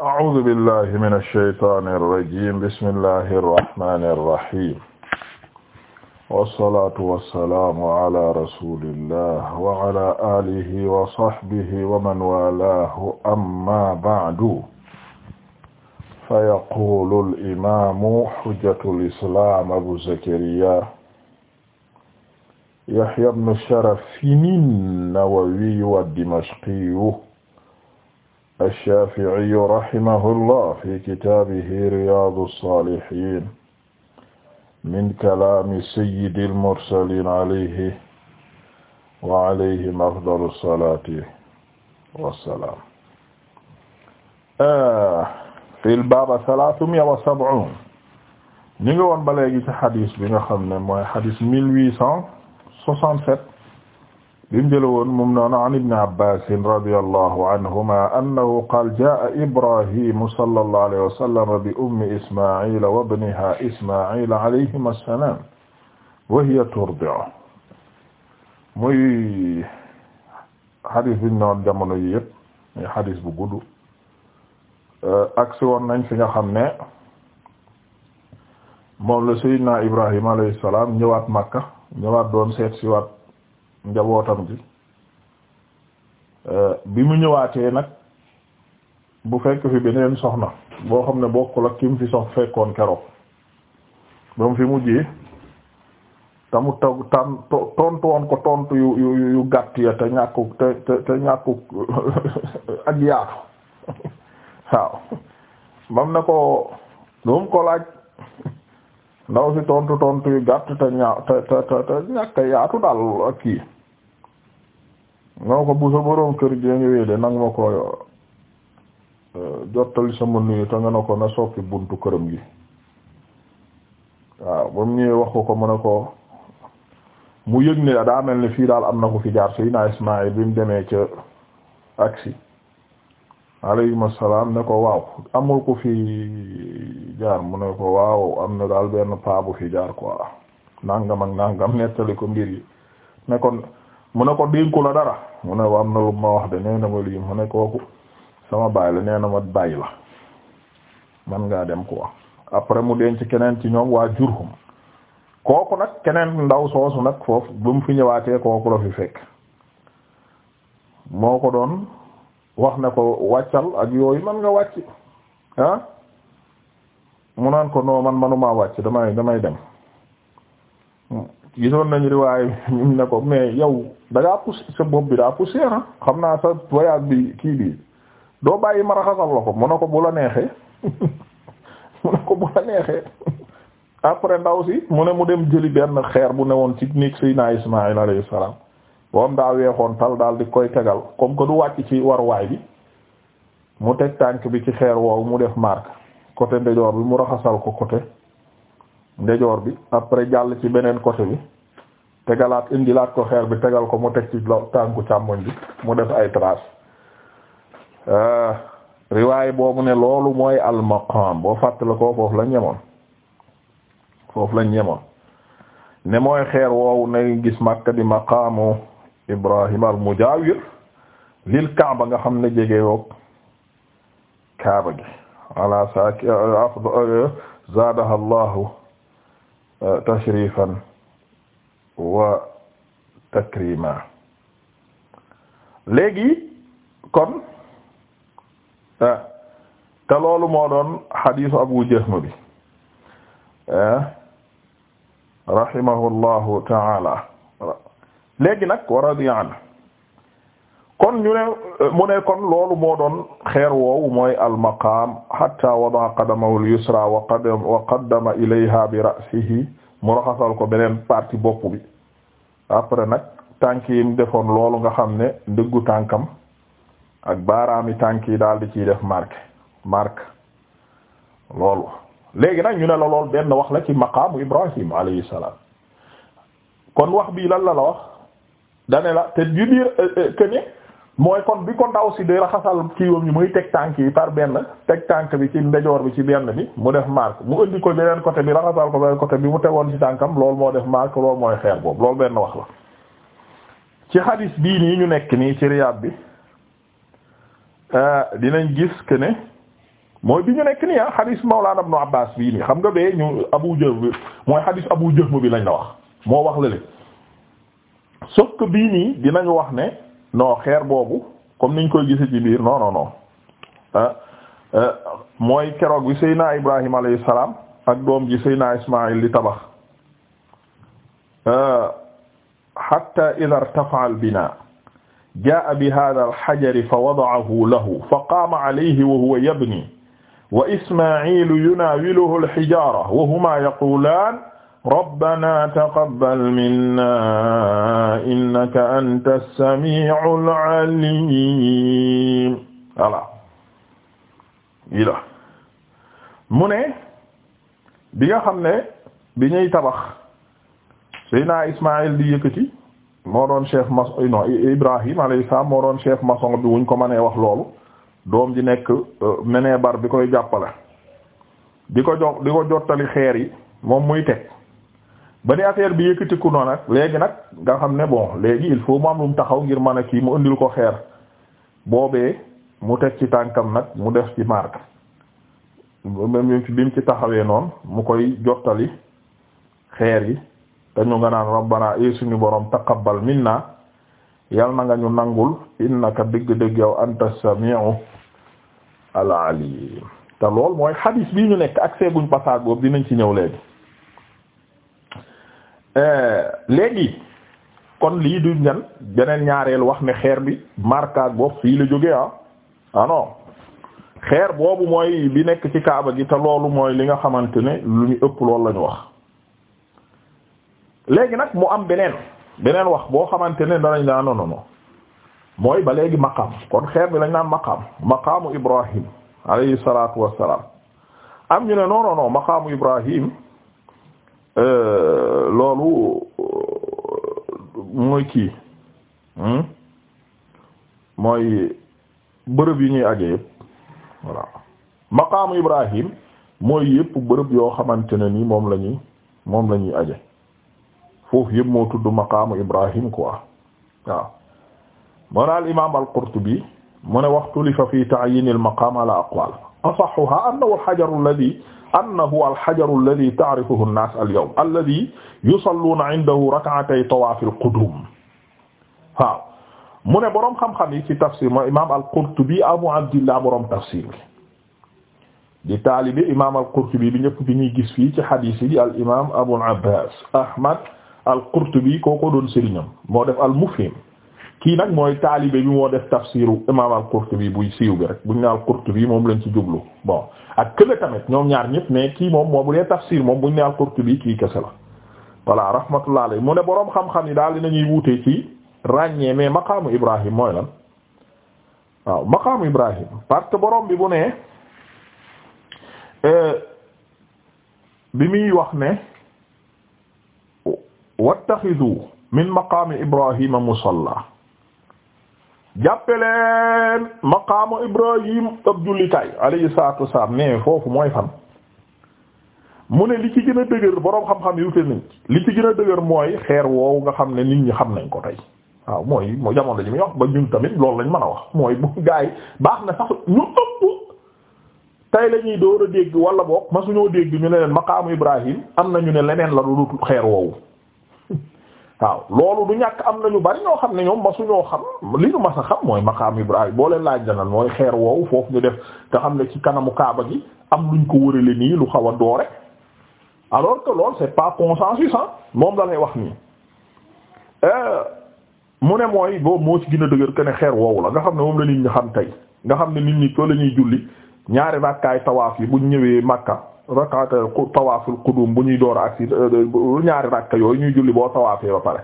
أعوذ بالله من الشيطان الرجيم بسم الله الرحمن الرحيم والصلاة والسلام على رسول الله وعلى آله وصحبه ومن والاه أما بعد فيقول الإمام حجة الإسلام أبو زكريا يحيى بن شرف النووي الدمشقي alshafiiyu rahimahullah fi kitaabihi riyaadu saalihiin min kalaami sayyidi almursaliin alayhi wa alayhim afdalu salaati wassalaam fi lbaaba salaathumia wa sab'uun ñu ngi woon ba léegi ci xadis bi nga xam ne mooy xadis mille huit cent soixante-sept bim jële woon moom noonu an ibni abbasin radiyallahu anhuma annahu qaal jaa ibrahimu sallallahu alayhi wa sallam bi ummi ismaila wa ibniha ismaila alayhima assalaam wa hiya turdi'u muy xadis biñ noon jamono yi yëpp muy xadis bu gudd aksi woon nañ fi nga xam ne moom la sayyidina ibrahima alayhi salaam ñëwaat Makka ñëwaat doon seet siwaat njabootam bi euh, bi mu ñëwaatee nag bu fekk fi beneen soxna boo xam ne bokkul ak ki mu fi sox fekkoon keroog ba mu fi mujjee tamu taw tontu woon ko tontu yu gàtt ya te ñàkku te te ak yaatu waaw mam na ko lum ko laaj ndaw si tontu tontu yu gàtt te ñàkk yaatu daal ak kii nga ko bu sa boroom kër gee ñëwee de nag ma ko euh, jottali sama nuyu te ne ko na soppi buntu këram gi waaw ba mu ñëwee wax ko ko mu ne ko mu yëg ne daa mel ni fii daal am na ko fi jaar Seydina Ismaïl bi demee ca aksi alaykum assalaam ne ko waaw amul ko fi jaar mu ne ko waaw am na daal benn paa fi jaar quoi nangam ak nangam nettali ko mbir yi ne kon mu ne ko dénku la dara mu ne am na lu ma wax de nee na ma lii ma ne kooku sama baay la nee na ma bàyyi la man ngaa dem wax après mu ci keneen ci ñoom waa Jurhum kooku nag keneen ndaw soosu nag foofu ba mu fi ñëwaatee kooku la fi fekk moo ko doon wax ne ko wàccal ak yooyu man nga wàcc ah mu naan ko noo man manuma wàcc damay damay dem gisoon nañu riwaay ñu ne ko mais yow da ngaa sa bopp bi daa poussé ah xam naa sa voyage bi kii bi doo bàyyi ma raxasal la ko mu ne ko bu la neexee mu ne après ndaw si mu ne mu dem jëli benn xeer bu newoon ci néeg Seydina Ismaïl alayhi salaam boo daa weexoon tal daal di koy tegal comme que du wàcc ci waruwaay bi mu teg tànk bi ci xeer woow mu def marque côté ndeyjoor bi mu raxasal ko côté. ndejoor bi après jàll ci beneen côté bi tegalaat indilaat ko xeer bi tegal ko mu teg ci lo tànku càmmoñ bi mu def ay traces euh, riwaay boobu ne loolu mooy almaqam boo fàttale ko foofu lañ ñemoon foofu lañ ñemoon ne mooy xeer woowu na gis Makka bi maqamu Ibrahim al lil Kaaba nga xam ne jege woog Kaaba gi euh, zaadaha Allahu tashrifan wa takrima léegi kon ah, te loolu moo doon xadiisu abu jahm bi ah, rahimahu llahu taala léegi nag wa radiya anhu kon ñu ne mu ne kon loolu moo doon xeer woowu mooy almaqaam hatta wadaa qadamahu al-yusra wa qaddama wa qaddama ilayha bi ra'sihi mu raxasal ko beneen partie bopp bi après nag tànk yi defoon loolu nga xam ne ndëggu tànkam ak baaraami tànk yi daal di ciy def marque marque loolu léegi nag ñu ne la lool benn wax la ci maqaamu Ibrahim alayhi salaam kon wax bii lan la la wax dane la te ju biir mooy kon bi kon ndaw si de raxasal kiiwam yi muy teg tànk yi par benn teg tànk bi ci ndejoor bi ci benn bi mu def marque mu indi ko beneen côté bi raxasal ko beneen côté bi mu tegoon ci tànkam loolu moo def marque loolu mooy xeer boobu loolu benn wax la ci xadis bii nii ñu nekk nii ci riyaab bi euh, dinañ gis que ne mooy bi ñu nekk nii ah xadis Mawlana Ibn Abbas bii nii xam nga bee ñu Abu mooy xadis Abu Jahm bi lañ la wax moo wax la le sauf que bii dinañu wax ne non xeer boobu comme niñ koy gise ci biir non non non ah, ah mooy keroog bi Seyna Ibrahim alayhi salaam ak doom ji Seyna Ismaïl di tabax ah, hatta idha irtafa'a al-binaa jaa'a bi haadha al-hajari fa wada'ahu lahu fa qaama alayhi wa huwa yabni wa Ismaïlu yunaawiluhu al-hijaara wa humaa yaquulaan rabbana taqabbal minna innaka anta sami'ul alim voilà la mu ne bi nga xam ne bi ñuy tabax Seydina Ismaïl di yëkkati moo doon chef maçon eh, non Ibrahim alayhi salaam moo doon chef maçon bi wuñ ko mënee wax loolu doom ji nekk euh, menee bar bi koy jàppale di ko jox di jottali xeer yi moom muy teg ba ni affaire bi yëkkatiku noonu nag léegi nag nga xam ne bon léegi il faut mu lu mu taxaw ngir mën a kii mu indil ko xeer boobee mu teg ci tànkam nag mu def ci marque même bi mu ci taxawee noonu mu koy jottali xeer yi dañu ñu nga naan rabbana e suñu borom taqabbal minna yal na nga ñu nangul innaka dëgg-dëgg yow anta samiu al alim te lool mooy hadis bii ñu nekk ak seeguñ passage boobu nañ ci ñëw léegi Euh, léegi kon lii du ñan beneen ñaareel wax ne xeer bi markaag bopp fii la jóge ah ah xeer boobu mooy bi nekk ci kaaba gi te loolu mooy li nga xamante ne lu ñu ëpp loolu la ñu wax léegi nag mu am beneen beneen wax boo xamante ne danañ naa non mooy ba léegi maqaam kon xeer bi lañ naa maqaam maqaamu Ibrahim alayhi salaatu wassalaam am ñu ne non non non maqaamu Ibrahim Euh, loolu euh, mooy kii hmm? mooy bërëb yi ñuy àggee yëpp voilà maqaamu Ibrahim mooy yëpp bërëb yoo xamante ne ni moom la moom lañuy ñuy àggee foofu yëpp moo tudd maqaamu Ibrahim quoi waaw moo daal imaam al bi mu ne waxtu li fa fi ta'yin maqaam ala aqwaal asaxuha annahu alxajaru alladi annahu alxajaru alladi taarifuhu annaas alyawm alladi yusalluuna indahu rak'atay tawaaf alqudum waaw mu ne boroom xam-xam yi ci tafsir mooy imaam al-Qurtubi abu abdillah boroom tafsir di taalibe imaam al-Qurtubi bi ñëpp bi ñuy gis fii ci xadiis yi al imaam Abul Abbaas Ahmad al-Qurtubi kooko doon sëriñam moo def al-Mufhim kii nag mooy taalibe bi moo def tafsiru imaam al-Qurtubi buy siiw bi rek buñ ne al-Qurtubi moom lañ ci jublu bon ak kële tamit ñoom ñaar ñëpp mais kii moom moo bu dee tafsir moom buñ ne al-Qurtubi kii kese la voilà rahmatullah alayhi mu ne boroom xam-xam yi daal dinañuy wutee ci ràññee mais maqaamu Ibrahim mooy lan waaw maqaamu Ibrahim parce que boroom bi bu ne euh, bi muy wax ne wattaxidu min maqaami Ibrahima musalla jàppeleen maqaamu ibrahim ab jullikaay alayhi salaatu wasalaam mais foofu mooy fan mu ne li ci gën a dëgër boroom xam-xam yu te nañ li ci gën a dëgër mooy xeer woowu nga xam ne nit ñi xam nañ ko tey waaw mooy moo jamono ji muy wax ba ñun tamit loolu lañ mën a wax mooy bu gaa yi baax na sax ñu ëpp tey la door a dégg wala boog ma suñoo dégg ñu ne leen maqaamu ibrahim am na ñu ne leneen la du xeer woowu waaw loolu du ñàkk am na ñu bari ñoo xam ne ñoom masuñoo xam li ñu ma a xam mooy maqaam Ibrahim boo leen laaj danal mooy xeer woowu foofu ñu def te xam ne ci kanamu Kaaba gi am luñ ko wërale nii lu xaw a doore alors que loolu c'est pas consensus hein moom la lay wax nii euh, mu ne mooy boobu moo ci gën a dëgër que ne xeer woowu la nga xam ne moom la nit ñi xam tey nga xam ne nit ñi too la ñuy julli ñaari rakkaay tawaaf yi buñ ñëwee màkka rakaata tawaaful qudum bu ñuy door ak si euh, ñaari rakka yooyu ñuy julli boo tawaafee ba pare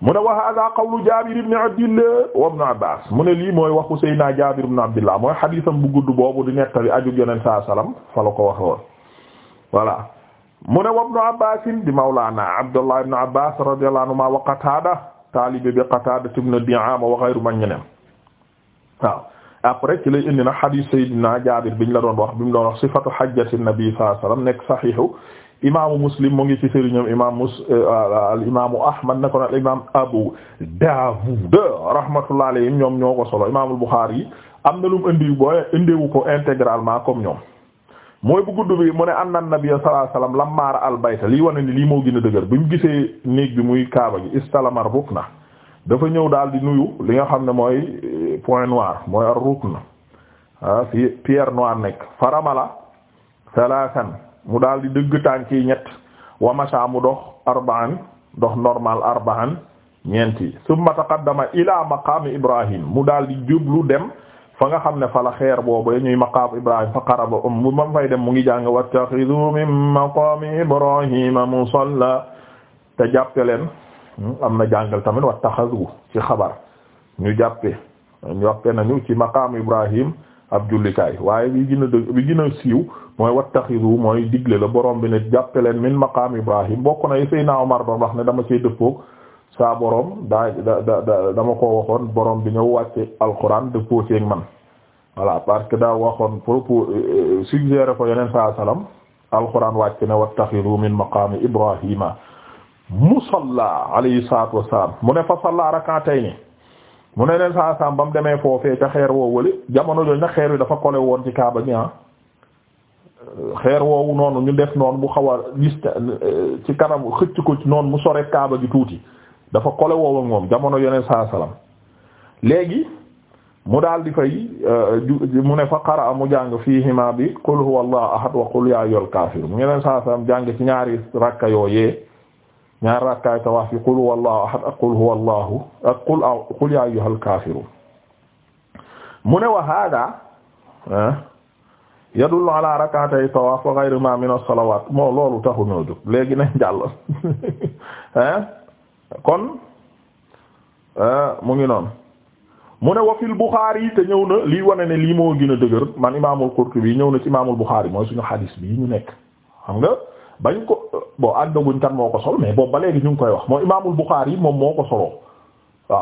mu wa hada qawlu Jaabir ibn Abdillah wa ibn Abbaas mu ne lii mooy waxu Seydina Jaabir ibn Abdillah mooy xadiisam bu gudd boobu di nettali aju Yonent saa salaam fa la ko waxe woon voilà mu ne wa ibn Abbaas di mawlaana Abdullah ibn Abbaas radiyallahu anhuma wa Qataada taalibe bi Qataada ibn Di'aama wa ghayru man après ci lay indi na hadith Seydina Jaabir biñ la doon wax bi mu doon wax sifatu hajjati nabi sallallahu alayhi wasallam nekk sahihu imaamu Muslim mu ngi ci sëriñam imaam mus euh, al imaamu Ahmad na ko nag imaam Abu Daawud rahmatullahi alayhim ñoom ñoo ko solo imaamul Buxaari yi am na lu mu indi booy indiwu ko intégralement comme ñoom. mooy bu gudd bi mu ne anna nabiyya sallallahu alayhi wasallam lammaa ra'a al bayta lii wane ni lii moo gën a dëgër bi mu gisee néeg bi muy Kaaba gi istalamar rukna dafa ñëw daal di li nga xam ne mooy fi point noir mooy ar-rukn ah pierre noire nekk faramala salaasan mu daal di dëgg tànk yi ñett wa masha mu dox arba'an dox normal arba'an ñeenti summa taqaddama ila maqaami ibrahim mu daal di jublu dem fa nga xam ne fa la xeer boobu ñuy maqaam ibrahim fa qaraba um mu ma fay dem mu ngi jàng wattaxidu min maqaami ibrahima musalla te jàppe leen hmm, am na jàngal tamit wattaxadu ci xabar ñu jàppe waxte nañu ci maqaam Ibrahim ab jullikaay waaye bi gën a dëgg bi gën a siiw mooy wattaxidu mooy digle la borom bi ne jàppe leen min maqaam Ibrahim bokk na Seydina Omar doon wax ne dama cee dëppoog saa borom daa da da da dama ko waxoon boroom bi ñëw wàcce alquran dëppoo ceeg man voilà parce que daa waxoon propos euh, euh, suggéré ko yeneen saa salaam alquran wàcc ne wattaxidu min maqaami Ibrahima musalla alayhi salaatu wassalaam mu ne fa salla rak'atayni mu ne leen saa saam ba mu demee foofee ca xeer woowu wële jamono jooju nag xeer wi dafa kole woon ci kaaba gi ah xeer woowu noonu ñu def noonu bu xaw a ci kanam xëcc ko ci noonu mu sore kaaba gi tuuti dafa kole woo moom jamono yeneen saa salaam léegi mu daal di fay euh, mu ne fa qara mu jàng fiihima bi qul huwallahu ahad wa qul ya ayyul kaafir mu yeneen saa salaam jàng ci ñaari rakka yooyee ñaar rakkaay tawaaf yi qul huwallahu ahad ak qul huwallahu ak qul aw qul ya ayyuhal kaafiruun mu ne wa haadaa ah, yadullu ala rak'atay tawaaf wa ghayrihimaa min as moo loolu taxu ñoo jóg léegi nañ jàll ah, kon ah, mu ngi noonu mu ne wa fil Buxaari te ñëw na lii wane ne lii moo gën a dëgër man imaamul Qurtubi ñëw na ci imaamul Buxaari mooy suñu xadiis bii ñu nekk xam nga. bañ ko bon àddaguñ kan moo ko sol mais boobu ba léegi ñu ngi koy wax moo imaamul Bukhari moom moo ko soloo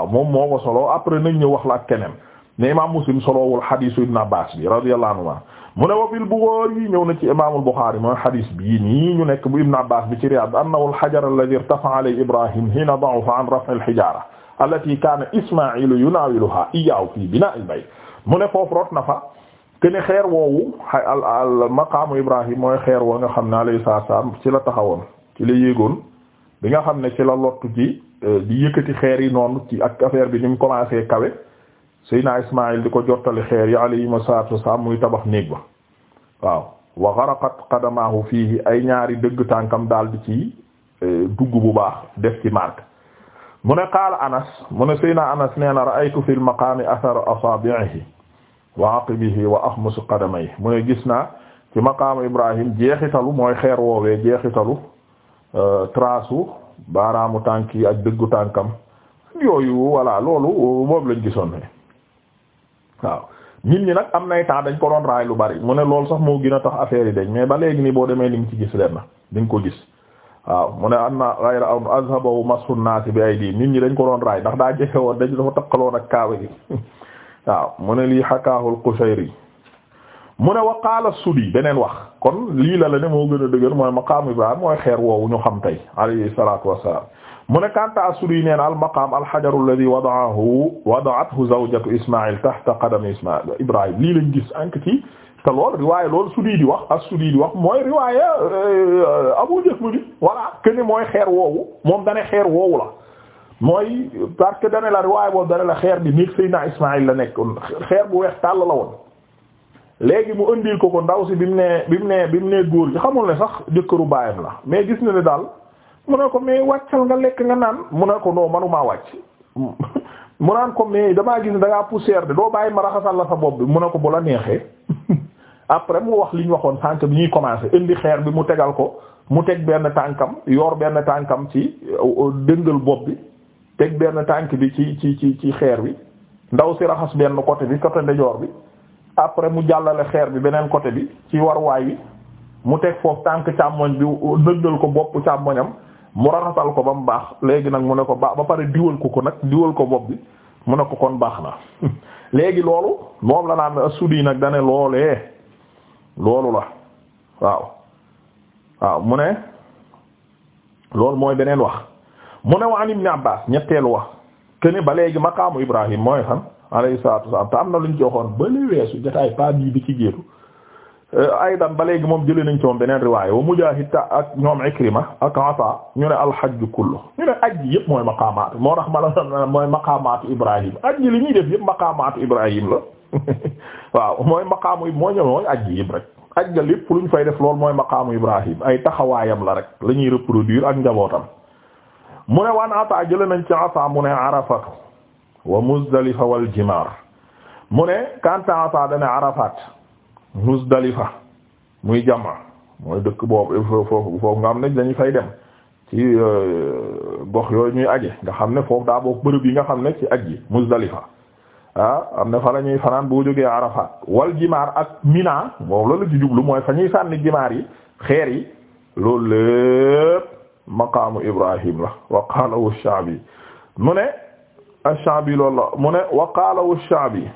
moo ko soloo après nañ ñu wax la ak keneen ne imaam Muslim solowul xadiisu Ibn Abbaas bi radiyallahu anhu mu ne wa bil Bukhari ñëw na ci imaamul Bukhari mooy xadiis bii nii ñu nekk bu Ibn Abbaas bi ci Riyaad annahu al-hajar alladhi irtafa'a alayhi Ibrahim hiina da'afa an raf'i al-hijaara allati kaana Ismaa'iilu yunaawiluhaa iyyaahu fii binaa'i al-bayt mu ne foofu rot na te xeer woowu al al maqaamu Ibrahim mooy xeer woo nga xam ne alayhi salaam ci la taxawoon ci la yéegoon bi nga xam ne ci la lottu ci euh, di yëkkati xeer yi noonu ci ak affaire bi ni mu commencé kawe Seydina Ismaïl di ko jottali xeer yi alayhimu salaatu wasalaam muy tabax néeg ba waaw wa gharaqat qadamaahu fii ay ñaari dëgg tànkam daal di ci euh, dugg bu baax def ci marque mu ne qaala Anas mu ne Seydina Anas nee na ra'aytu fil maqaami athara asaabi'ihi wa aqibihi wa axmus qadamay mu ne gis naa ci maqaamu Ibrahim jeexitalu mooy xeer woowee jeexitalu euh, trace u baaraamu tànk yi ak dëggu tànkam yooyu voilà loolu boobu lañ gisoon ne waaw nit ñi nag am na temps dañ ko doon raay lu bari mu ne lool sax moo gin a tax affaire yi dañ mais ba léegi nii boo demee ni nga ci gis leen na di nga ko gis waaw mu ne anna ghayra an azhabahu masun naasi bi aydi nit ñi dañ ko doon raay ndax daa jege woon dañ dafa takkaloon ak kaawe gi waaw mu ne lii xakaahul Qushayri mu ne wa qaala Sudi beneen wax kon lii la la ne moo gën a dëgër mooy maqaam Ibrahim mooy xeer woowu ñu xam tey alayhi salaatu wassalaam mu ne kanta Sudi neen al-maqaam al-hajaru alladhi wada'ahu wada'athu zawjatu Ismaa'il tahta qadami Ismaa'il Ibrahim lii lañ gis ank ci te lool riwaaya loolu Sudi di wax ak Sudi di wax mooy riwaaya euh, Abu Jahm bi voilà que ne mooy xeer woowu moom dane xeer woowu la mooy parce que dane la riwaay boobu dane la xeer bi nit Seydina Ismaïl la nekkoon xeer bu weex tàll la woon léegi mu ëndil ko ko ndaw si bi mu nee bi mu nee bi mu góor gi xamul ne sax jëkkëru baayam la mais gis na ne daal mu ne ko mais wàccal nga lekk nga naan mu ne ko non manumaa wàcc mu naan ko mais damaa gis ne da ngaa poussière de doo bàyyi ma raxasal la sa bopp bi mu ne ko bu la neexee après mu wax li ñu waxoon sànq bi ñuy commencé indi xeer bi mu tegal ko mu teg benn tànkam yor benn tànkam ci euh, euh, dëngal bopp bi teg benn tànk bi ci ci ci ci xeer bi ndaw si raxas benn côté bi côté ndejoor bi après mu jàllale xeer bi beneen côté bi ci waruwaay wi mu teg foofu tànk càmmoñ bi nëngal ko bopp càmmoñam mu raxasal ko ba mu baax léegi nag mu ne ko baax ba pare diwal ko ko nag diwal ko bopp bi mu ne ko kon baax na léegi loolu moom la naan asudi nag dane loolee loolu la waaw waaw mu ne loolu mooy beneen wax mu ne wa an ibn Abbas ñetteelu wax kene ba léegi maqaamu Ibrahim mooy xam alayhi salaatu te am na luñ joxoon ba li weesu jotaay bii bi ci géetu euh, aydan ba léegi moom jëlee nañ ci moom beneen riwaaya wa Mujaahid ta ak ñoom Ikrima ak Ata ñu ne alxajju kullu ñu ne aj yëpp mooy maqaamaatu moo tax ma la mooy maqaamaatu Ibrahim aj ji li ñuy def yëpp maqaamaatu Ibrahim la waaw mooy maqaamu mooy ñëw mooy aj yëpp rek aj ga lépp luñ fay def loolu mooy maqaamu Ibrahim ay taxawaayam la rek la ñuy reproduire ak njabootam mu ne waan ata jële nañ ci ata mu ne arafatu wa muzdalifa wal jimaar mu ne kanta ata dane arafat muzdalifa muy jama mooy dëkk boobu foofu foofu nga am ne dañu fay dem ci euh, gox yooyu ñuy aje nga xam ne foofu daa bokk bërëb yi nga xam ne ci aj yi muzdalifa ah am na fa la ñuy fanaan boo jógee arafat wal jimaar ak mina moom loolu la ci jublu mooy fa ñuy sànni jimaar yi xeer yi loolu lépp maqaamu Ibrahim la wa qaalahu Sha'bi mu ne Sha'bi loolu la mu ne wa qaalahu Sha'bi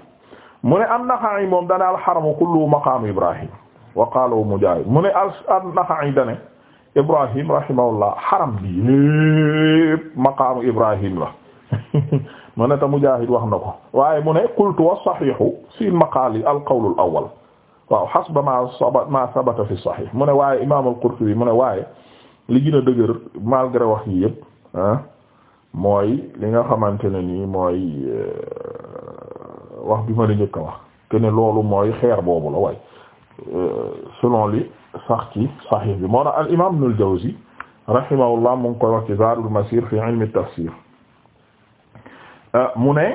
mu ne an-Naxa'i moom dana al-haramu kullu maqaamu Ibrahim wa qaalahu Mujaahid mu ne an-Naxa'i dana Ibrahim rahimahullah haram bi lépp maqaamu Ibrahim la mu ne ta Mujaahid wax na ko waaye mu ne qultu was-sahiihu fi maqaali al-qawlu al-awwal waaw hasba maa sabata fi as-sahiih mu ne waaye Imaam al-Qurtubi mu ne waaye li gën a dëgër malgré wax yi yëpp mooy li nga xamante ne nii mooy euh, wax bi ma la njëkk wax que ne loolu mooy xeer boobu la waaye euh, selon li sax ci Sahih bi moo tax al imaam Ibn al-Jawzi rahimahullah mu ngi koy wax ci Zaadul Masiir fi ilmi tafsiir euh, mu ne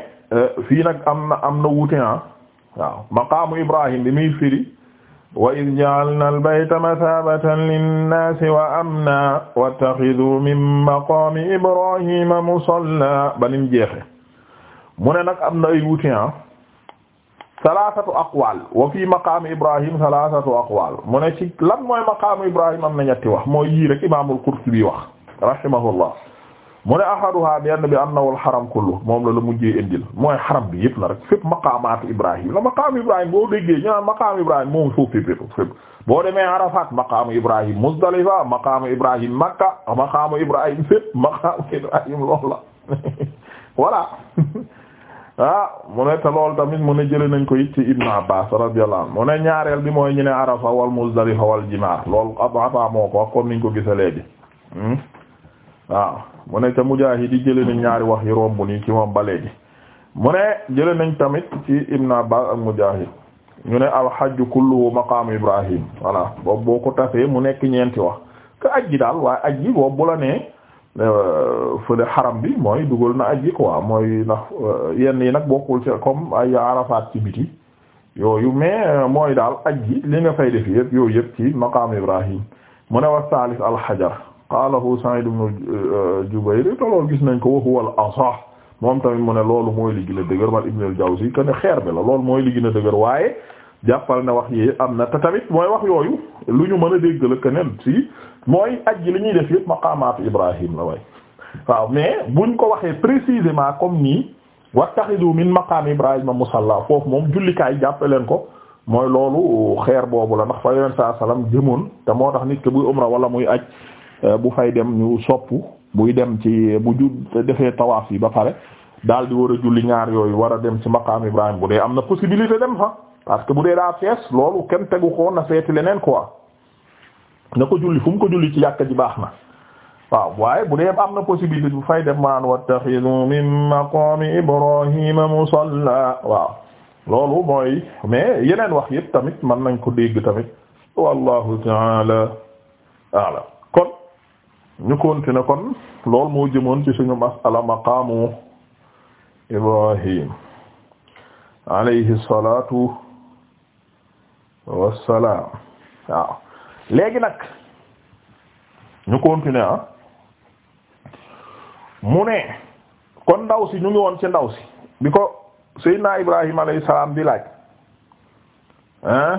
fii nag am na am na wuute ah waaw maqaamu Ibrahim bi muy firi. wa iz ja'alna al-bayta mathabatan lin-nasi wa amna wattakhidhu min maqami ibrahima musalla banim jeexe mu ne nag am na ay wuutin ah. salatatu aqwal wa fi maqami ibrahim salatatu aqwal mu ne ci lan mooy maqamu ibrahim am na ñetti wax mooy yii rek imamul qurtubi wax rahimahullah mu ne ahaduha benn bi annahu alxaram kullu moom la la mujjee indil mooy xaram bi yëpp la rek fépp maqaamaat Ibrahim la maqaam Ibrahim boo déggee ñu naan maqaam Ibrahim moom foofu fépp fépp boo demee Arafat maqaamu Ibrahim Muzdalifa maqaamu Ibrahim Makka maqaamu Ibrahim fépp maqaamu Ibrahim loolu la voilà ah mu ne te loolu tamit mu ne jëlee nañ ko it ci Ibn Abbas radiyallahu anhu mu ne ñaareel bi mooy ñu ne Arafa wal Muzdalifa wal Jimaar loolu ab moo ko wax comme niñ ko gisee léegi hmm? waaw. mu ne ca Mujaahid yi jëlee nañ ñaari wax yi romb nii ci moom ba léegi mu ne jëlee nañ tamit ci Ibn ba ak Mujaahid ñu ne alxajju kulluhu maqaamu Ibrahim voilà boobu boo ko tasee mu nekk ñeenti wax que aj ji daal waaye aj ji boobu bu la nee euh, fële xaram bi mooy dugal na aj ji quoi mooy ndax euh, yenn yi nag bokkul ci comme ay Arafat ci biti yooyu mais euh, mooy daal aj ji li nga fay def yëpp yooyu yëpp ci maqaamu Ibrahim mu ne wa saalis alxajar qaalahu Sa'id ibn euh, Jubayr te loolu gis nañ ko wa huwa al-asah moom tamit mu ne loolu mooy li gën a dëgër man Ibn al-Jawzi que xeer bi la loolu mooy li gën a dëgër waaye jàppal ne wax yi am na te tamit mooy wax yooyu lu ñu mën a dégg la que si mooy ajji li ñuy def yëpp maqaamaat Ibrahim la way waaw mais buñ ko waxee précisément comme nii wattaxidu min maqaam Ibrahima musalla foofu moom jullikaay leen ko mooy loolu xeer boobu la ndax fa yoneen saa salaam moo tax nit ke wala muy aj Euh, bu fay dem ñu sopp buy dem ci bu ju defee tawaaf yi ba pare daal di war a julli ñaar yooyu war a dem ci maqaam Ibrahim bu dee am na possibilité dem fa parce que bu dee daa fees loolu kenn tegu ko na seeti leneen quoi na ko julli fu mu ko julli ci yàkka ji baax na waaw waaye bu dee am na possibilité bu fay dem maan wattaxidu min maqaami Ibrahima musalla waaw loolu mooy mais yeneen wax yëpp tamit mën nañ ko dégg tamit wallahu taala a'lam ñu continuer kon lool moo jëmoon ci suñu masala maqaamu Ibrahim alayhi salatu wassalaam waaw léegi nag ñu continuer ah mu ne kon ndaw si ñu ngi woon ci ndaw si bi ko Seydina Ibrahim alayhi salaam di laaj ah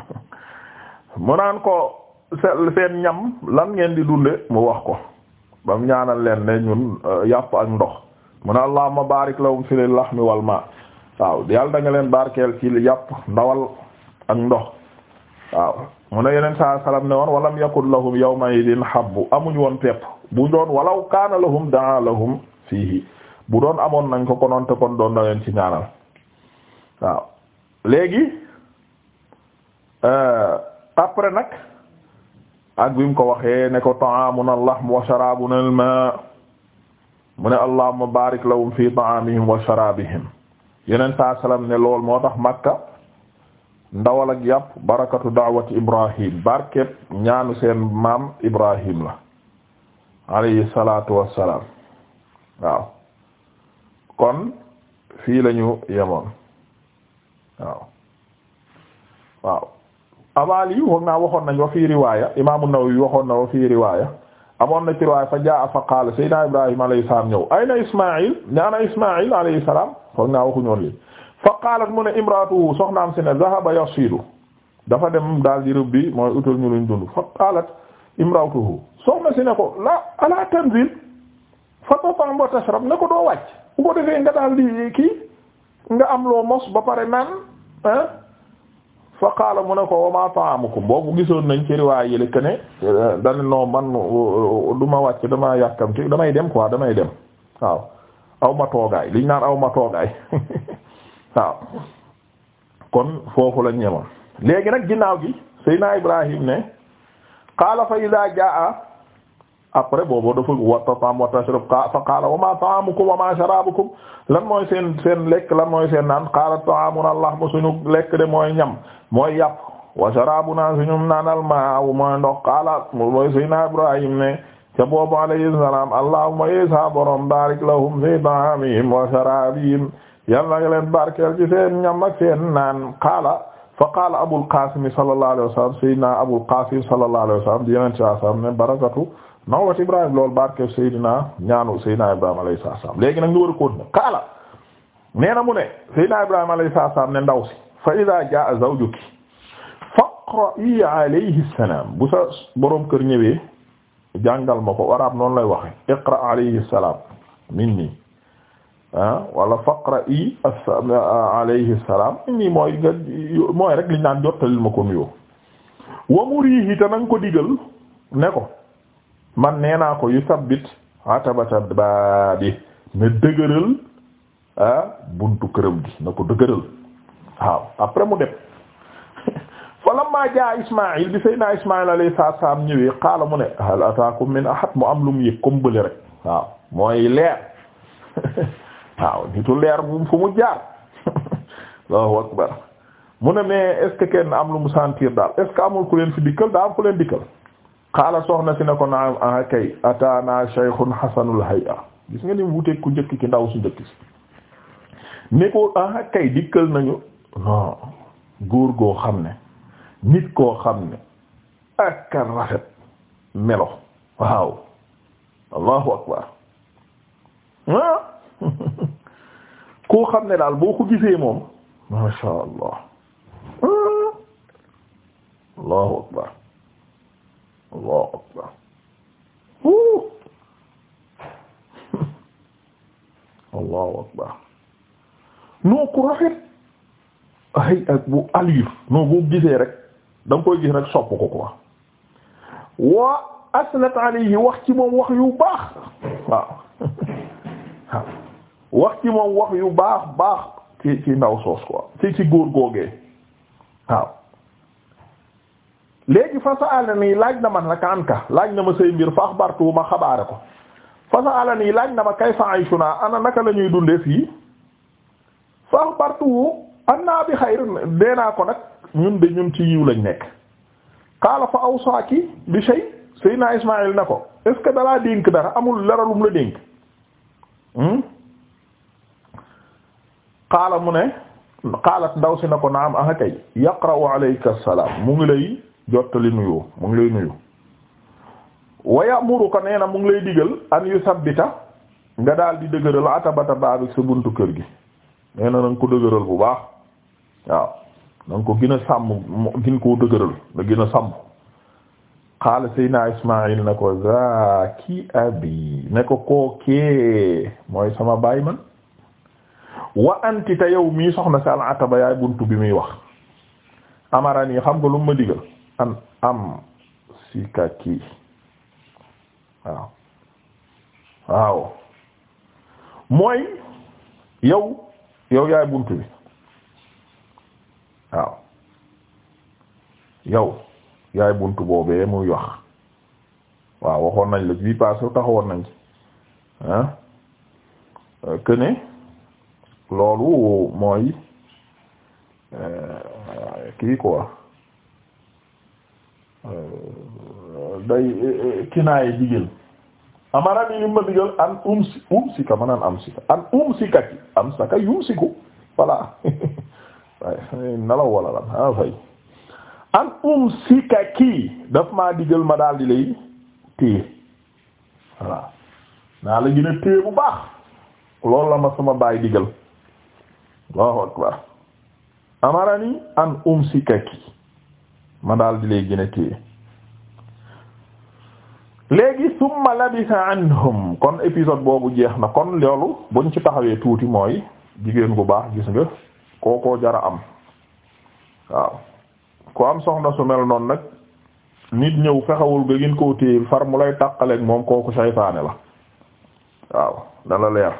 mu seen ñam lan ngeen di dunde mu wax ko bam ñaanal leen ne ñun euh, yàpp ak ndox mu ne allahumma barik lahum lax mi wal ma waaw yàlla da nga leen barkeel ci yàpp ndawal ak ndox waaw mu ne yeneen saa salaam ne woon walam yakul lahum yawma idin habbu amuñ woon pepp bu doon walaw kaana lahum daa lahum fiihi bu doon amoon nañ ko konoon te kon doon na leen ci ñaanal waaw léegi euh, après nag ak bi mu ko waxe ne ko ta'amuna al-lahm wa sharabuna al-ma mu ne allahumma barik lahum fi ta'amihim wa sharabihim yeneen saa salaam ne lool moo tax Makka ndawal ak yàpp barakatu da'wati Ibrahim barket ñaanu seen maam Ibrahim la alayhi salaatu wassalaam waaw kon fii lañu yemoon waaw avant lii foog naa waxoon nañ wa fii riwaya imaamu Nawawi waxoon na wa fii riwaya amoon na ci riwaya fa jaa fa qaala sayyidina Ibrahim alayhi salaam ñëw ayna Ismaa'il ñaana Ismaa'il alayhi salaam foog naa waxuñu woon lii fa qaalat mu ne imraatuhu soxnaam si ne zahaba yasiidu dafa dem daal di rëbbi mooy utal ñu luñ dund fa qaalat imraatuhu soxna si ne ko la ala tanzil fa tafam wa tashrab ne ko doo wàcc bu ko defee nga daal di kii nga am loo mos ba pare naan fa qaala mu ne ko wama ko boobu gisoon nañ ci riwaay yële que ne euh, dane non man euh, du ma wàcc dama yàkkamti damay dem ko waa damay dem waaw aw ma toogaay liñ naan aw ma toogaay waaw kon foofu lañ ñemoon léegi nag ginnaaw gi Seydina Ibrahim ne qaala fa idaa jaa après boobu dafa wa tatam wa tashrab fa qaala wa ma ta'amukum wa ma sharabukum lan mooy seen seen lekk lan mooy seen naan qaala ta'amuna allah mu suñu lekk de mooy ñam mooy yàpp wa sharabuna suñu naan almaa mooy ndox qaala mooy sayna ibrahim ne ca boobu alayhi salaam allahumma isa borom barik lahum fi ta'amihim wa sharabihim yàlla nga leen barkeel ci seen ñam ak seen naan qaala fa qaala abul qasim sallallahu alayhi wa sallam sayna abul qasim sallallahu alayhi wa sallam di yeneen ci sallam ne barakatu non wat Ibrahim loolu barke na ñaanu Seydina Ibrahim léegi nag ñu war a kóot na kaala nee mu ne Seydina Ibrahim alayhi salaam ne ndaw si fa iza jaa zawjuki faqra'i alayhi salaam bu sa borom kër ñëwee jàngal ma ko araab noonu lay waxe iqra alayhi salaam minni ah wala faqra'i alayhi salaam minni mooy nga mooy rek li naan jottalil ma ko nuyoo wa murihi te na ko digal ne ko man nee naa ko yu sabbit atabata baa bi na dëgëral buntu këram gi na ko dëgëral waaw après mu dem falamma jaa Ismaïl bi Seydina Ismaïl alayhi salaam ñëwee qaala mu ne hal ataakum min mu am lu mu yëg comme bële rek waaw mooy leer waaw nitu leer bu fu mu jaar Allahu akbar mu ne mais est kenn am lu mu sentir daal est amul ku leen fi dikkal daa am ku leen dikkal xaala soxna si ne ko naam ah kay ataana shaykhun hasanul hay'a gis nga ni mu ku njëkk ki ndaw su njëkk si ne ko ah kay dikkal nañu góor goo xam ne nit koo xam ne ak rafet melo waaw allahu akbar ah. koo xam ne daal boo ko gisee moom masha allah ah. allahu akbar Allahu akbar Allahu akbar noo ku rafet ay ak bu allure noo bu gisee rek da koy gis rek sopp ko quoi waa asnat alayhi wax ci moom wax yu baax waaw waaw wax ci moom wax yu baax baax ci ci ndaw soos quoi ci ci góor googee waaw léegi fa sa'alani laaj na man naka an laaj na ma say mbir fa axbartu ma xabaare ko fa sa'alani laaj na ma kayfa ayshuna ana naka la ñuy dundee fii fa axbartu anna bi xayr dee naa ko nag ñun de ñun ci yiw lañ nekk. qaala fa awsaaki bi shay sayna Ismaïl na ko est ce que dalaa dénk dara amul dara lum la dénk. Hmm? qaala mu ne qaalat ndaw si na ko naam ah kay yaqra'u alayka salaam mu ngi lay. jottali nuyoo mu ngi lay nuyu wa ya'muruka nee na mu ngi lay digal an yusabbita nga daal di dëgëral atabata baabik sa buntu kër gi nee na nanga ko dëgëral bu baax waaw nanga ko gën sàmm gin koo dëgëral nga gën a sàmm xaala sayna Ismaayil na ko zaaki abi ne ko kookee mooy sama baay man wa anti te yow mii soxna si al yaay buntu bi muy wax amaraan yi xam nga lu mu ma digal an am sika kii waaw waaw mooy yow yow yaay buntu bi waaw yow yaay buntu boobee muy wax waaw waxoon nañ la bii passé taxawoon nañ ci ah ne loolu mooy euh, kii quoi. Euh, day euh, euh, kinaaye digal amara ni lim ma digal an umsi umsika ma naan amsika an umsika ci amsaka yumsiku voilà waaye nelaw wala lan ah fay an umsika kii daf maa digal ma daal di lay téye voilà naa la gën a téye bu baax loolu la ma sama baay digal Allahu akbar amarani an umsika kii ma daal di lay gën a téye léegi summa labisa anhum kon épisode boobu jeex na kon loolu buñ ci taxawee tuuti mooy jigéen bu baax gis nga kookoo jara am waaw ku am soxna su mel noonu nag nit ñëw fexewul ga gën koo téye far mu lay tàqaleeg moom kooku saytaane la waaw dala leer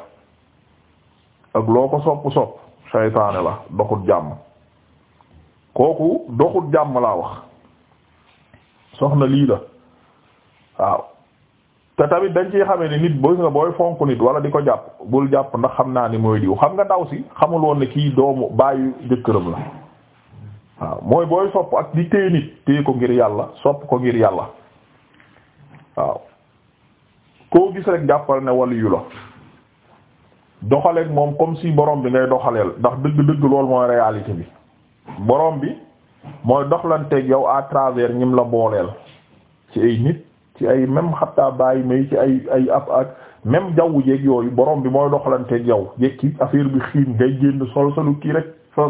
ak loo ko sopp sopp saytaane la doxut jàmm kooku doxut jàmm laa wax soxna lii la waaw te tamit dañ ciy xamee ni nit bës nga booy fonk nit wala di ko jàpp bul jàpp ndax xam naa ni mooy diw xam nga ndaw si xamul woon kii doomu bàyyi jëkkëram la waaw mooy booy sopp ak di téye nit téye ko ngir yàlla sopp ko ngir yàlla waaw koo gis rek jàppal ne wàllu yu la doxaleeg moom comme si borom bi ngay doxaleel ndax dëgg-dëgg loolu mooy réalité bi borom bi mooy doxlanteeg yow à travers ñim la booleel ci ay nit ci ay même xataa bàyyi may ci ay ay ab ak même jaww jeeg yooyu borom bi mooy doxalanteeg yow jekki affaire bi xiin ngay génn sol solu kii rek soo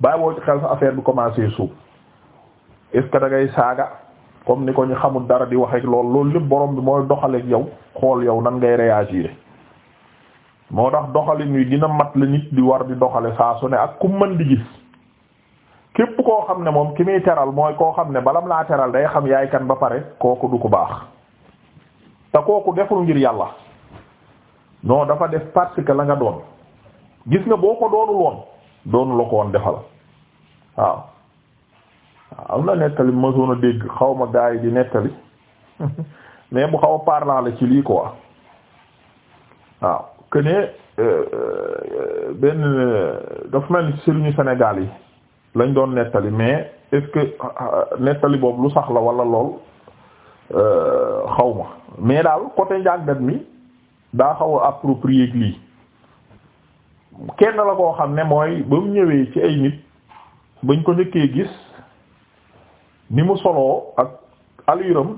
bàyyi boo ci xel sa affaire bi commencé suuf est ce que ngay saaga comme ni ko ñu xamul dara di wax ak lool loolu lépp borom bi mooy doxaleeg yow xool yow nan ngay réagir moo tax doxalin wi dina mat la nit di war di doxale saa su ne ak ku mën di képp koo xam ne moom ki muy teral mooy koo xam ne balam laa teral day xam yaay kan ba pare kooku du ko baax te kooku deful ngir yàlla non dafa def parce que la nga doon gis nga boo ko doonul woon doonu la ko woon defal waaw am na nettali masoon a dégg xaw ma gaa di nettali mais bu xaw a parlant la ci lii quoi waaw que ne euh, euh, benn euh, dafa mel ni sëriñu Sénégal yi lañ doon nettali mais est-ce ah, ah, nettali boobu lu sax la wala lool euh, xaw ma mais daal côté njàngat mi daa xaw a approprié lii kenn la koo xam ne mooy ba mu ñëwee ci ay nit bañ ko njëkkee gis ni mu soloo ak aluram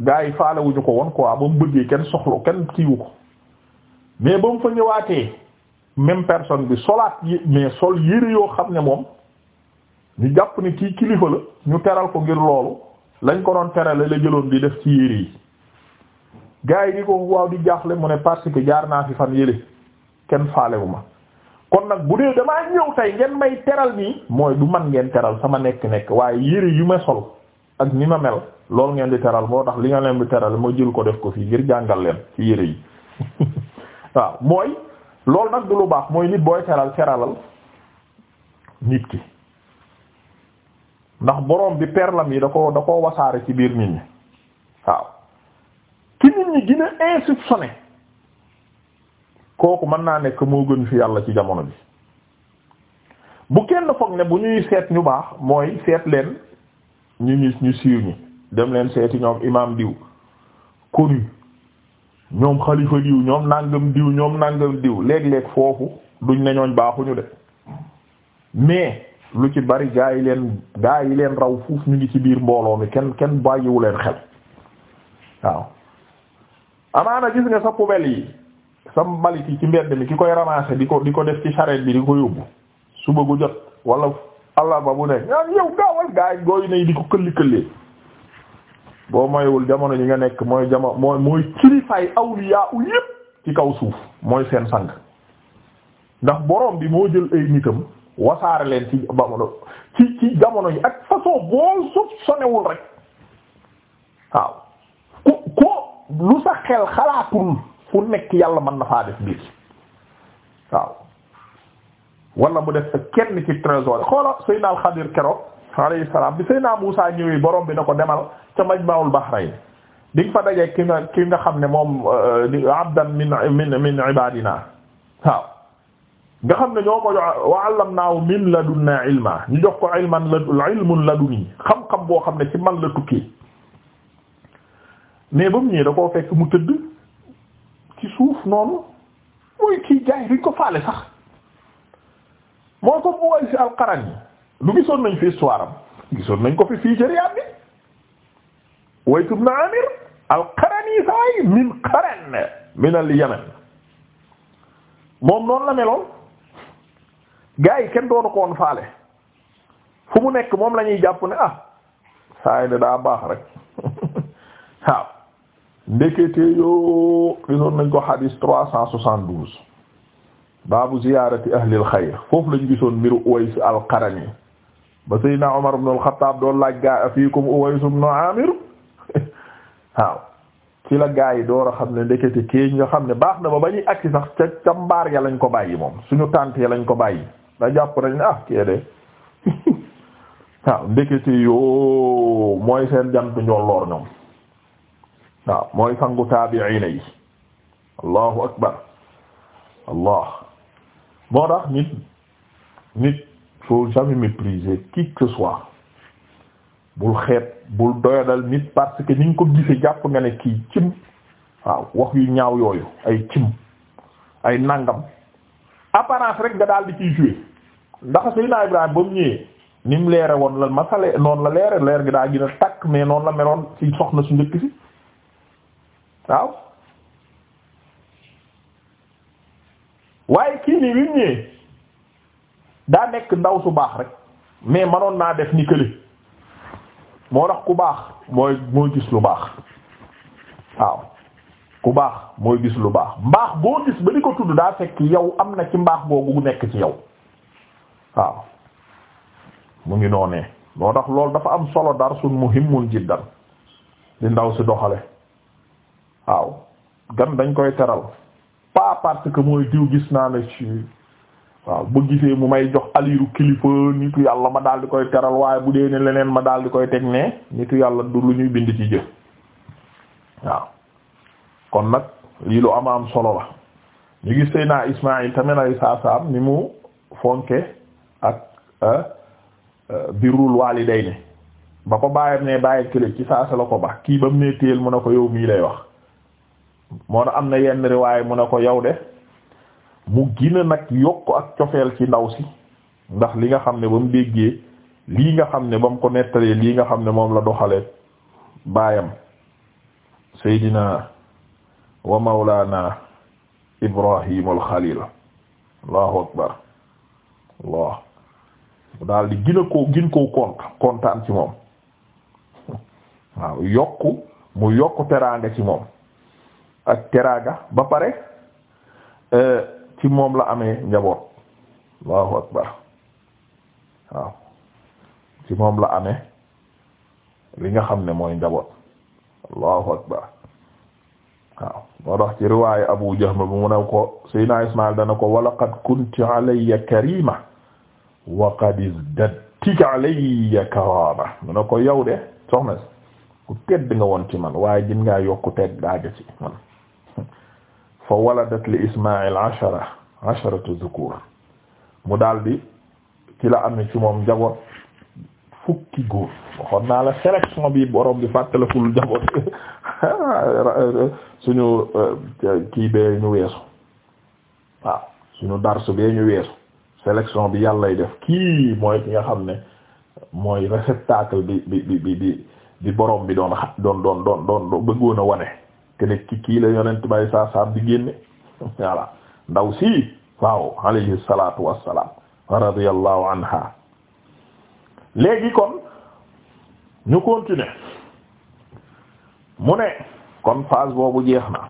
gaa yi faalewuñu ko woon quoi ba mu bëggee kenn soxla kenn kiiwu ko mais ba mu fa ñëwaatee. même personne bi solaat yi mais sol yére yoo xam ne moom ñu jàpp ni kii kilifa la ñu teral ko ngir loolu lañ ko doon terale la jëloon di def ci yére yi gars di ko waaw di jaaxle mu ne parce que jaar naa fi fan yére kenn faalewu ma kon nag bu dee damaa ñëw tey ngeen may teral nii mooy du man ngeen teral sama nekk-nekk waaye yére yu ma sol ak ni ma mel loolu ngeen di teral moo tax li nga leen di teral moo jël ko def ko fii ngir jàngal leen ci yére yi loolu nag du lu baax mooy nit booy teral teralal nit ki ndax boroom bi perlam yi da ko da ko wasaare ci biir nit ñi waaw ki nit ñi gën a insoupçonné kooku mën naa nekk moo gën fi yàlla ci jamono bi bu kenn foog ne bu ñuy seet ñu baax mooy seet leen ñu ñu siiw ñi dem leen seeti ñoom imam diw connu ñoom xalifa diw ñoom nangam diw ñoom nangam diw léeg-léeg foofu duñ ne ñooñ baaxuñu de mais lu ci bari gaa yi leen gaa yi leen raw fuuf ñu ngi ci biir mbooloo mi kenn kenn bàyyiwu leen xel waaw amaana gis nga sa poubelle yi sa mbalit yi ci mbedd mi ki koy ramasser di ko di ko def ci charrette bi di ko yóbbu suba gu jot wala allah ba bu nekk ñaan yow gaawal gaa yi gooy nay di ko këlli këllee boo moyewul jamono yi nga nekk mooy jamono mooy mooy kilifaay awliya u yépp ci kaw suuf mooy seen sang ndax borom bi moo jël ay nitam wasaare leen ci jamono ci ci jamono yi ak façon boo suuf sonewul rek waaw ku ko lu sa xel xalaatul fu nekk yàlla mën na faa def biir waaw wala mu def sa kenn ci trésor yi xoola Seydina Al Xadir alayhi salaam bi Seydina Muusaa ñëwee borom bi na ko demal ca Majma'ul Bahrayn di fa dajee ki nga ki nga xam ne moom euh, di abdan min min min ibadina waaw nga xam ne ñoo ko wa allamnaahu min ladunna ilma ñu jox ko ilman la ilmun xam-xam boo xam ne ci man la tukkee mais ba mu ñëwee da koo fekk mu tëdd ci suuf noonu mooy kii jaay duñ ko faale sax moo ko bu way si alqaran yi lu gisoon nañ fi histoire gisoon nañ ko fi fii ci Riyad bi Waytu Amir al-Qarani saay min Qaran min al-Yaman moom noonu la meloon gars yi kenn doonu ko faale fu mu nekk moom la ñuy jàpp ne ah saay de daa baax rek waaw ndekete yoo gisoon nañ ko hadis trois cent soixante douze baabu ziyaarati ahlil xayr foofu lañu gisoon mbiru Uways al-Qarani ba Seydina Umar ibn al-Khattab doon laaj gaa fiikum Uways ibn Amir waaw ci la gaa yi door a xam ne ndekete kii nga xam ne baax na ba ba ñuy agsi sax ca mbaar ya lañ ko bàyyi moom suñu tànt ya lañ ko bàyyi da jàpp nañ ne ah kii de waaw ndekete yoo mooy seen jant njolloor ñoom waaw mooy sangu taabi'iina yi allahu akbar allah moo tax nit nit faut jamais mépriser qui que ce bul xeet bul doyadal nit parce que ni nga ko gisee jàpp nga ne kii cim waaw wax yu ñaaw yooyu ay cim ay nangam apparence rek nga daal di ciy jouer ndax Seydina Ibrahima ba mu ñëwee ni leere woon la masale noonu la leere leer gi daa gën a takk mais noonu la meloon ci soxna su njëkk si waaw waaye kii nii bi mu ñëwee daa nekk ndaw su baax rek mais manoon naa def ni kële moo tax ku baax mooy mooy gis lu baax waaw ku baax mooy gis lu baax mbaax boo gis ba di ko tudd daa fekk yow am na ci mbaax googu nekk ci yow waaw mu ngi noonee moo tax loolu dafa am solo dar darsun muhimmun jiddan di ndaw si doxale waaw gan dañ koy teral pas parce que mooy diw gis naa ne ci waaw bu gisee mu may jox aliru kilifa nitu yàlla ma daal di koy teral waaye bu dee ne leneen ma daal di koy teg ne nitu yàlla du lu ñuy bind ci jëf waaw kon nag lii lu ama am solo la ñu gis tey naa Ismaïl tamit ay saasaam ni mu fonke ak euh, euh, birrul waalidayni ba ko bàyyam ne bàyyi kële ci saasa ko ba kii ba mu ne téyel mu ne ko yow mii lay wax moo na am na yenn riwaay mu ne ko yow de mu gina nag yokk ak cofeel ci ndaw si ndax li nga xam ne ba mu déggee lii nga xam ne ba mu ko nettalee lii nga xam ne moom la doxalee baayam seydina wa mawlaana ibrahimul xaliil allahu akbar allah daal di gina koo gin koo kont kontaan ci moom waaw yokku mu yokku teraanga ci moom ak teraanga ba pare euh, ci moom la amee njaboot allahu akbar waaw ci moom la amee li nga xam ne mooy njaboot allahu akbar waaw moo tax ci riwaayu Abu Jahm bu mu ne ko Seydina Ismaïl dana ko wa laqad kunti alayya karima wa qad izdattika alayya karama mu ne ko yow de soxna ku tedd nga woon ci man waaye gën ngaa yokku tedd daa ci man fa waladat li Ismaïl ashara asharatu dhukur mu daldi ci la am amee ci moom njaboot fukki góor waxoon naa la sélection bi borom bi fàttalakul njaboot suñu euh, kii bee ñu weesu waaw suñu darsu bee ñu weesu sélection bi yàlla lay def kii mooy ki nga xam ne mooy réceptacle bi bi bi bi bi borom bi doon doon doon doon doon bëggoon a wane. kene ki kii a yonent bay saa saam di génne voilà ndaw si waaw alayhi salatu wassalam radiyallahu anha léegi kon ñu continuer mu ne kon phase boobu jeex na